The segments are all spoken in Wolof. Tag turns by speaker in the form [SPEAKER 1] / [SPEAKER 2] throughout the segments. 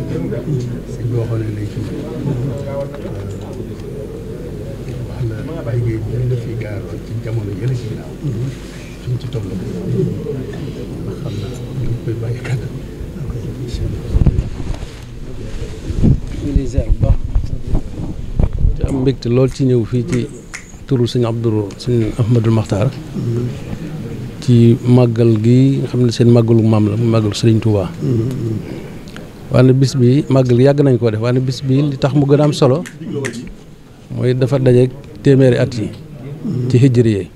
[SPEAKER 1] suñ ci jamono yële
[SPEAKER 2] am mbégte lool ci ñëw fii ci turu sëñ Abdou sëñ Ahmadul Maxtaar ci màggal gi xam ne seen màggalu maam la mu màggalu Sëriñ Tuubaa wala bis bi màggal yàgg nañ koo def wala bis bi li tax mu gën a am solo mooy dafa dajeeg téeméeri at yi ci hijri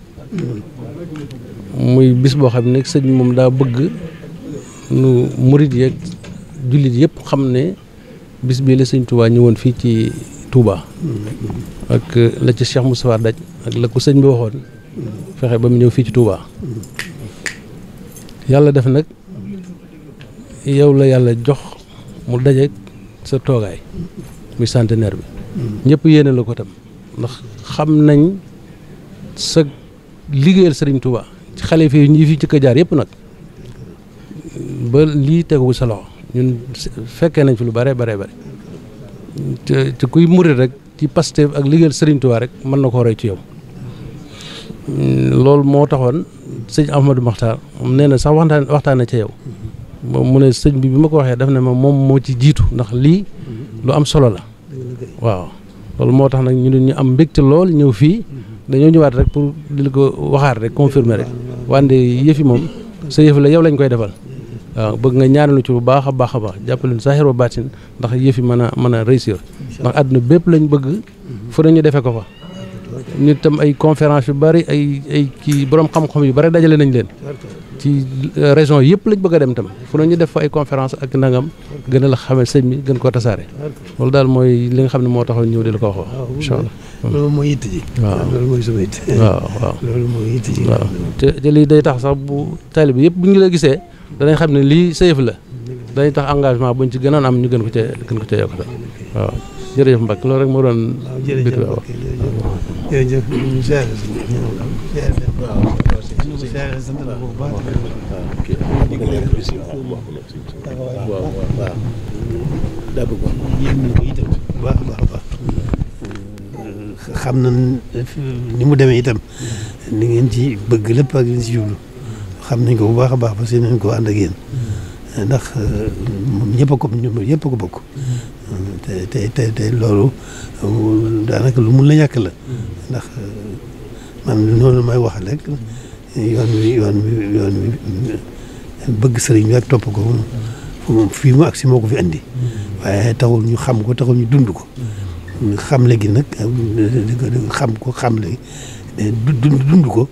[SPEAKER 2] muy bis boo xam ne sëñ moom daa bëgg nu murit yeeg jullit yépp xam ne bis bi la sëñ Touba ñëwoon fii ci Touba. ak la ci Cheikh Moustapha daj ak la ko sëñ bi waxoon fexe ba mu ñëw fii ci Touba yàlla def nag yow la yàlla jox mu dajeeg sa toogaay muy centenaire bi ñëpp yéene la ko tam ndax xam nañ sa liggéeyal sëriñ Touba ci xalifa yi ñu fi jëkk a jaar yëpp nag ba lii tegu sa loxo ñun fekkee nañ fi lu bare bare bare te kuy murit rek ci Pastef ak liggéeyal sëriñ Touba rek mën na koo rey ci yow mm, loolu moo taxoon sëñ Ahmadou Makhtar nee na sax waxtaan waxtaan na ca yow moom mu ne sëñ bi bi ma ko waxee daf ne ma moom moo ci jiitu ndax lii lu am solo la waaw loolu moo tax nag ñu ne ñu am mbégte lool ñëw fii dañoo ñëwaat rek pour di la ko waxaat rek confirmer rek wande yëfi moom sa yëf la yow lañ koy defal waaw bëgg nga ñaanalu ci bu baax a baax a baax jàppale saahir wa baatin ndax yëfi mën a mën a réussir ndax àdduna bépp lañ bëgg fu nañu defe ko fa ñu tam ay conférence yu bari ay ay kii borom xam-xam yu bari dajale nañ leen ci euh, région yëpp lañ bëgg a dem tam fu ne ñu def fa ay conférence ak nangam gën a la xamal mi gën koo tasaare loolu daal mooy li nga xam ne moo taxoon ñëw di la ko wax ah, incha allah loolu mooy waaw loolu mooy sama yitte waaw te lii day tax sax bu taalibe yëpp bu ñu la gisee danañ xam ne lii sa yëf la dañ tax engagement buñ ci gënoon am ñu gën ko cee gën ko cee yokkata waaw jërëjëf Mbacke loolu rek moo doon ah, bit waaw jërëjëf ñu seere si
[SPEAKER 1] ñu seere sant na bu baax daa bëgg wax yéen nañ ko itam baax baax baax xam na ni mu demee itam ni ngeen ci bëgg lépp ak li ci jublu xam nañ ko bu baax a baax parce que nañ ko ànd ak yéen ndax ñëpp a ko ñëpp a ko bokk te te te loolu daanaka lu mun la ñàkk la mm. ndax man noonu may wax yoon wi yoon wi yoon wi bëgg sëriñ bi ak topp ko fii mu ak moo ko fi andi mm. waaye taxul ñu xam ko taxul ñu dund ko mm. xam léegi nag xam ko xam léegi dund ko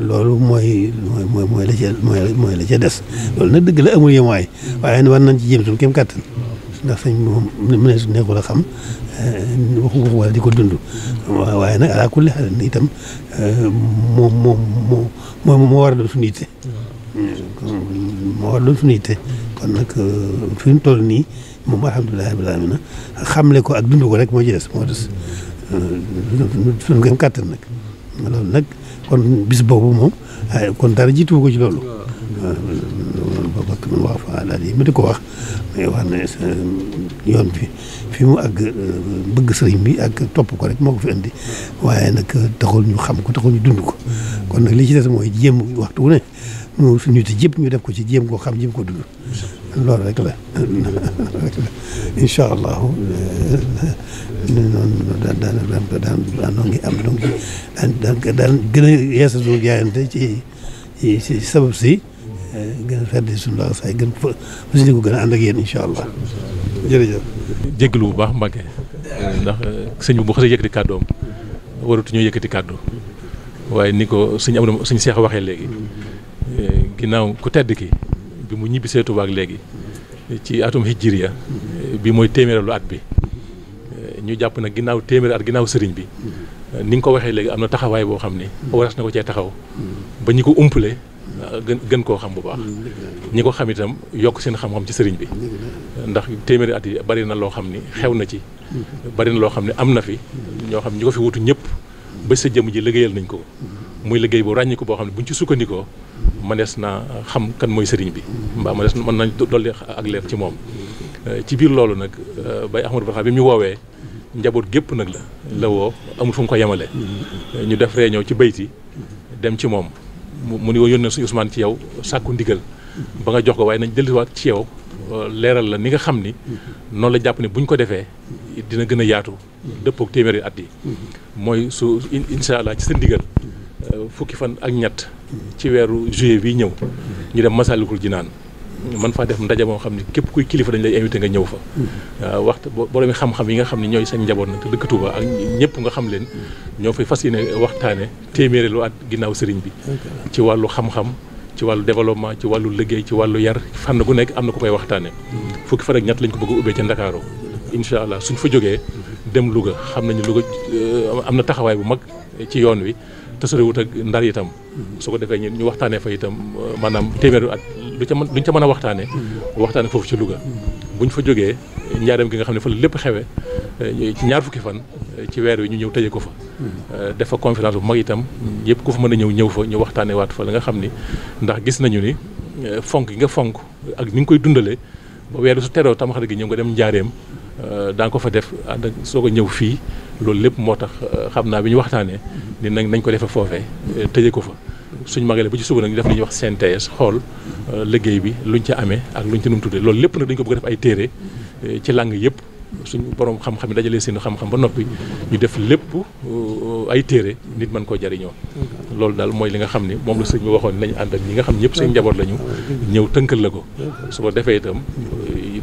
[SPEAKER 1] loolu mooy mooy mooy la ca mooy la ca des loolu nag dëgg la amul yemaay waaye wan nañ ci jéem suñu kéem kattan ndax sëñ bi moom mënees nekkul a xam eh, waxu waxu wala di ko dund. waaye nag ala kulli xel itam eh, moom moom moo moo moo war a doon suñu yitte. moo war a eh, ak dund ko rek moo ci des moo des suñu gëm kàttan nag loolu nag kon bis boobu moom kon dara jiitu ko ci loolu. waaw waaw waaw waaw waaw waaw waaw waaw waaw waaw waaw waaw waaw day wax ne euh, yoon bi mu àgg euh, bëgg sëriñ ak topp ko rek moo ko fi indi waaye nag euh, taxul ñu xam ko taxul ñu dund ko kon nag li ci des mooy jéem waxtu wu ne mu suñu te jëpp ñu def ko ci jéem koo xam jéem ko dund loolu rek la rek la am donc daan daan gën a yeesal yaayante ci sabab si gën a fedd suñu laa saay ko
[SPEAKER 3] gën a ànd ak yéen incha allah jërëjëf. jégalu bu baax Mbacke ndax sëñ bi bu xasee yëkkati kàddoom waratuñoo yëkkati kàddu waaye ni ko suñu am na suñu seex waxee léegi ginnaaw ku tedd ki bi mu ñibbi see Tuubaa léegi ci atum hijjiriya bi mooy téeméeralu at bi ñu jàpp nag ginnaaw téeméer at ginnaaw sëriñ bi ni nga ko waxee léegi am na taxawaay boo xam ni waras na ko cee taxaw ba ñu ko umpale gën gën koo xam bu baax mm, ñi ko xam itam yokk seen xam-xam ci sëriñ bi ndax téeméeri at yi bari na loo xam ni xew na ci mm-hmm. bari na loo xam ne am na fi ñoo xam ñi ko fi wutu ñëpp ba sa jëm ji liggéeyal nañ ko mm-hmm. muy liggéey bu ràññi ko boo xam ne bu ci sukkandikoo mm-hmm. manees naa xam kan mooy sëriñ bi mbaa manees mën nañ dolli ak leer ci moom ci biir loolu nag euh, bay Ahmadou Barxa bi mu woowee njaboot gépp nag la la woo amul fu mu ko yemale ñu def réunion ci bayti dem ci moom mu ni woo yónnee suñu Ousmane ci yow sàkku ndigal ba nga jox ko waaye nañ delluwaat ci yow euh, leeral la ni nga xam ni noonu la jàpp ne bu ñu ko defee dina gën a yaatu dëppook téeméeri at yi mooy su insha allah ci sa ndigal euh, fukki fan ak ñett ci weeru juillet bi ñëw ñu dem Masalikul naan man faa def ndaje moo xam ne képp kuy kilifa dañ lay invité nga ñëw fa mm-hmm. waaw waxtu borom xam-xam yi nga xam ne ñooy sañ njaboot nag te dëkk Touba ak ñëpp nga xam leen mm-hmm. ñoo fay fas yéene waxtaane téeméeri lu at ginnaaw sëriñ bi ci wàllu xam-xam ci wàllu développement ci wàllu liggéey ci wàllu yar fànn gu nekk am na ko koy waxtaane mm-hmm. fukki fa ak ñett lañ ko bëgg a ubbee ca Ndakaaru incha allah suñ fa jógee dem Louga xam nañu Louga euh, am na taxawaay bu mag ci yoon wi te soriwut ak ndar itam su ko defee ñu waxtaanee fa itam euh, maanaam téeméeru at lu ca mën luñ ca mën a waxtaanee mm-hmm. waxtaane foofu ci mm-hmm. bu buñ fa jógee njaareem gi nga xam ne fa lépp xewe euh, ci ñaar fukki fan euh, ci weer wi ñu ñëw tëjee ko fa mm-hmm. def fa conférence bu mag itam yëpp ku fa mën a ñëw ñëw fa ñu waxtaanee waat fa la nga xam ni ndax gis nañu ni fonk gi nga fonk ak ni nga koy dundalee ba weer su teroo tam gi ñëw nga dem njaareem Euh, daa ko fa def ànd ak soo ko ñëw fii loolu lépp moo tax euh, xam naa bi ñu waxtaanee ni nañ nañ ko defee foofee euh, tëjee ko fa suñ magalee ba ci suba nag ñu def li ñuy wax synthèse xool liggéey bi luñ ca amee ak luñ ci nu tuddee loolu lépp nag dañ ko bëgg def ay téere ci làng yëpp suñ boroom xam-xam yi dajalee seen xam-xam ba noppi ñu def lépp ay téere nit mën koo jariñoo loolu daal mooy li nga xam ne moom la sëñ bi waxoon nañ ànd ñi nga xam ñëpp seen njaboot lañu ñëw tënkal la ko su ko defee itam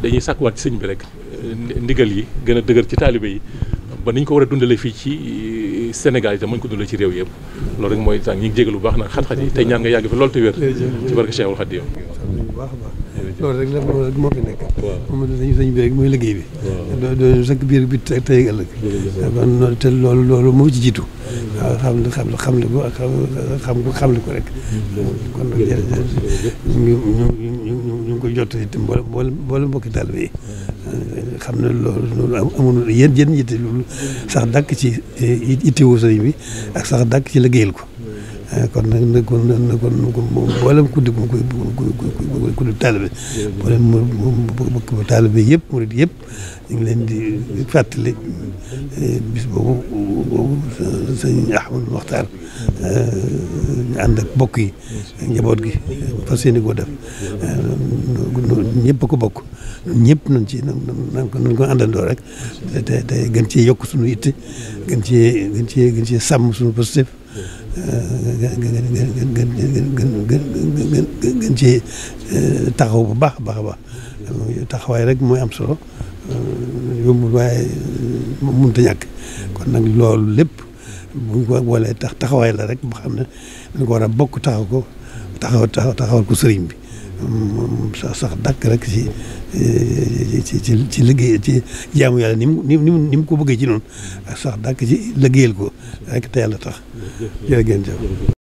[SPEAKER 3] dañuy dañuy sàkkuwaat ci sëñ bi rek euh, ndigal yi gën a dëgër ci taalibe yi ba niñ ko war a dundalee fii ci euh, Sénégal itam mañ ko dundalee ci réew yëpp loolu rek mooy tànk ñu ngi jégalu bu baax nag xat te wér ci barke Cheikhul a baax loolu
[SPEAKER 1] rek la loolu rek moo fi nekk moom dañu sëñ bi rek mooy liggéey bi doo sëkk biir bi tey ëllëg te loolu loolu moo ci jiitu waaw xam xam xam le ko ak ko rek kon koy jot itam mboolem mboolem mboolem mbokki taalibe yi xam ne lool loolu amul yéen yéen yitte loolu sax dàkk ci yittewoo eh, sëriñ bi ak sax dàkk ci liggéeyal ko Eh, kon nag nag kon nag kon mboolem ku di ku ku ku ku taalibe mboolem mu taalibe yëpp murid yëpp ñu ngi leen di fàttali eh, bis boobu boobu sëñ Ahmadu eh, ànd ak bokk yi njaboot gi fas yéene koo def ñëpp ko bokk ñëpp nañ ci nañ ko nañ ko àndandoo rek te te gën cee yokk suñu itte gën cee gën cee gën cee sàmm suñu positif gën gën gën gën gën gën gën gën ci euh, taxaw bu baax a baax a baax taxawaay rek mooy am solo euh, yombul waaye euh, mënut a ñàkk kon nag loolu lépp buñ ko boolee tax taxawaay la rek mu xam ne dañ ko war a bokk taxaw ko taxaw taxawal ko sëriñ bi. moom sax sax dàkk rek ci ci ci ci liggéey ci jaamu yàlla ni mu ni mu ni ko bëggee ci noonu ak sax dàkk ci liggéeyal ko rek te yàlla tax jërë ngeen